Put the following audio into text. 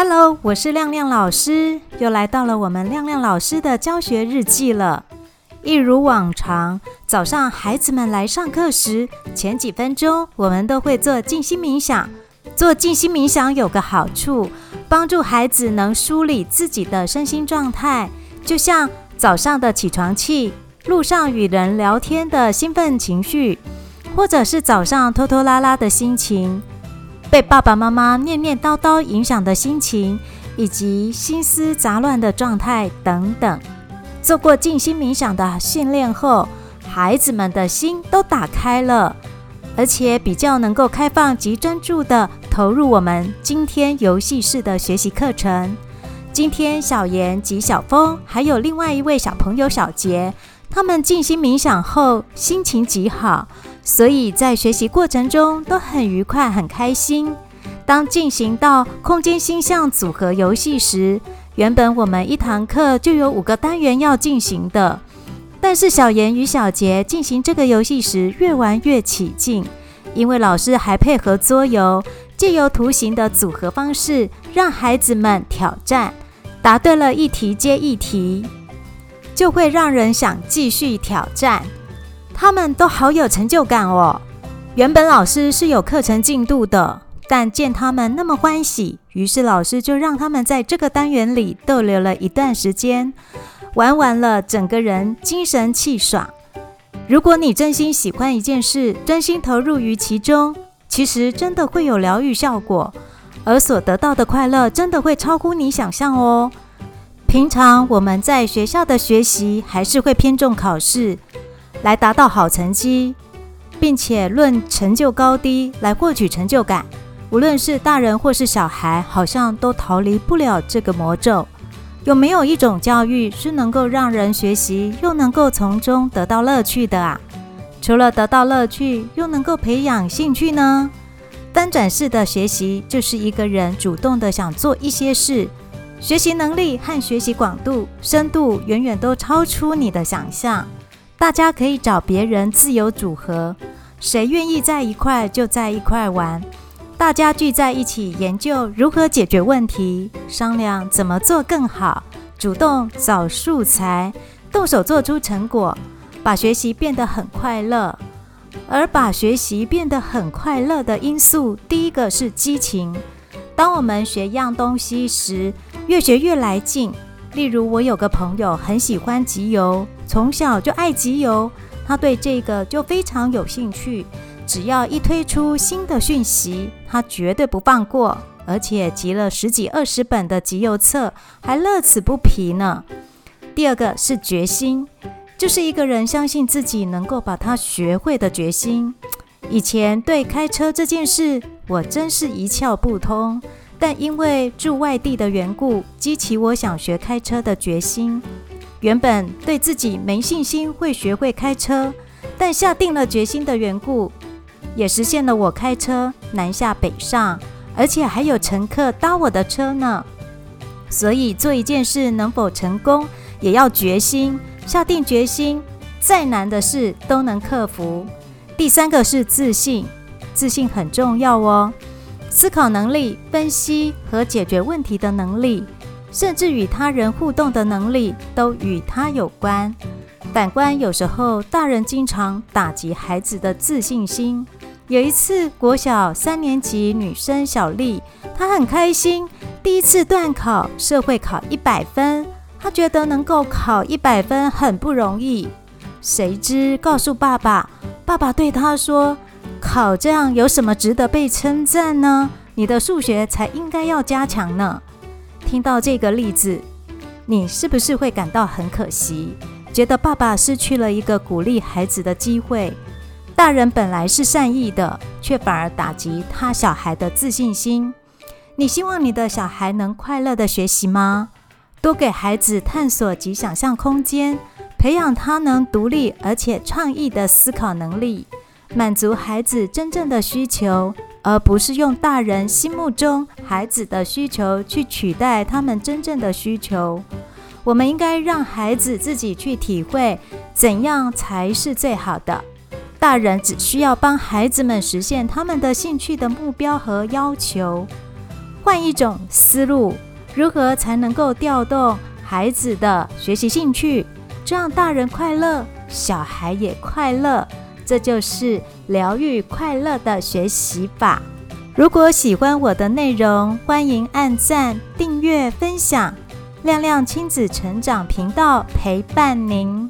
Hello，我是亮亮老師，又來到了我們亮亮老師的教學日記了。一如往常，早上孩子們來上課時，前幾分鐘我們都會做靜心冥想。做靜心冥想有個好處，幫助孩子能梳理自己的身心狀態，就像早上的起床氣、路上與人聊天的興奮情緒，或者是早上拖拖拉拉的心情。被爸爸媽媽唸唸叨叨影響的心情，以及心思雜亂的狀態等等。做過靜心冥想的訓練後，孩子們的心都打開了，而且比較能夠開放及專注地投入我們今天遊戲式的學習課程。今天小妍及小峰，還有另外一位小朋友小杰，他們靜心冥想後心情極好。所以在學習過程中都很愉快，很開心。當進行到空間星象組合遊戲時，原本我們一堂課就有五個單元要進行的，但是小妍與小杰進行這個遊戲時，越玩越起勁，因為老師還配合桌遊，借由圖形的組合方式讓孩子們挑戰，答對了一題接一題，就會讓人想繼續挑戰。他們都好有成就感哦。原本老師是有課程進度的，但見他們那麼歡喜，於是老師就讓他們在這個單元裡逗留了一段時間。玩完了，整個人精神氣爽。如果你真心喜歡一件事，真心投入於其中，其實真的會有療癒效果，而所得到的快樂真的會超乎你想象哦。平常我們在學校的學習還是會偏重考試，來達到好成績，並且論成就高低來獲取成就感，無論是大人或是小孩，好像都逃離不了這個魔咒。有沒有一種教育是能夠讓人學習又能夠從中得到樂趣的啊？除了得到樂趣，又能夠培養興趣呢？翻轉式的學習就是一個人主動地想做一些事，學習能力和學習廣度、深度遠遠都超出你的想象。大家可以找別人自由組合，誰願意在一塊就在一塊玩。大家聚在一起研究如何解決問題，商量怎麼做更好，主動找素材，動手做出成果，把學習變得很快樂。而把學習變得很快樂的因素，第一個是激情。當我們學一樣東西時，越學越來勁。例如，我有個朋友很喜歡集郵。從小就愛集郵，他對這個就非常有興趣。只要一推出新的訊息，他絕對不放過，而且集了十幾二十本的集郵冊，還樂此不疲呢。第二個是決心，就是一個人相信自己能夠把它學會的決心。以前對開車這件事，我真是一竅不通，但因為住外地的緣故，激起我想學開車的決心。原本對自己沒信心會學會開車，但下定了決心的緣故，也實現了我開車南下北上，而且還有乘客搭我的車呢。所以做一件事能否成功，也要決心，下定決心，再難的事都能克服。第三個是自信，自信很重要哦。思考能力、分析和解決問題的能力。甚至與他人互動的能力都與他有關。反觀，有時候大人經常打擊孩子的自信心。有一次，國小三年級女生小麗，她很開心，第一次段考社會考一百分，她覺得能夠考一百分很不容易。誰知告訴爸爸，爸爸對她說：“考這樣有什麼值得被稱讚呢？你的數學才應該要加強呢。”聽到這個例子，你是不是會感到很可惜？覺得爸爸失去了一個鼓勵孩子的機會。大人本來是善意的，卻反而打擊他小孩的自信心。你希望你的小孩能快樂地學習嗎？多給孩子探索及想象空間，培養他能獨立而且創意的思考能力，滿足孩子真正的需求。而不是用大人心目中孩子的需求去取代他們真正的需求，我們應該讓孩子自己去體會怎樣才是最好的。大人只需要幫孩子們實現他們的興趣的目標和要求。換一種思路，如何才能夠調動孩子的學習興趣，讓大人快樂，小孩也快樂？這就是療癒快樂的學習法。如果喜歡我的內容，歡迎按贊、訂閱、分享。亮亮親子成長頻道陪伴您。